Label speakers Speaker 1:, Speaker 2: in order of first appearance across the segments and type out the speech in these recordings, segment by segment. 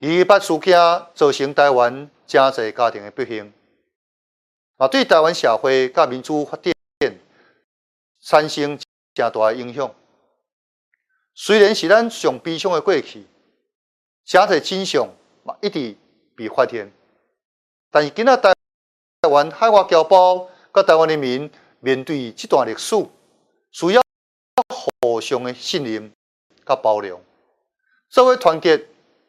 Speaker 1: 二二八事件造成台灣真儕家庭的不幸，啊，對台灣社會甲民主發展產生真大嘅影響。雖然是咱上悲傷嘅過去，真儕真相嘛，一直未發現。但是今啊，台灣海外僑胞甲台灣人民面對這段歷史，需要互相嘅信任甲包容，作為團結。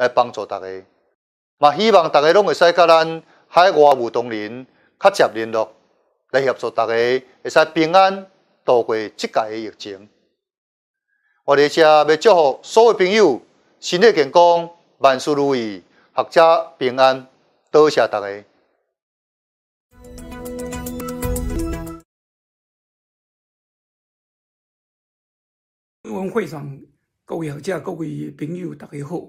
Speaker 1: 嚟幫助大家，嘛希望大家攏會使跟咱海外同人密切聯絡，嚟協助大家，會使平安度過呢屆嘅疫情。我哋即要祝福所有的朋友身體健康、萬事如意、闔家平安。多謝，謝大家。
Speaker 2: 新會上，各位學者、各位朋友，大家好。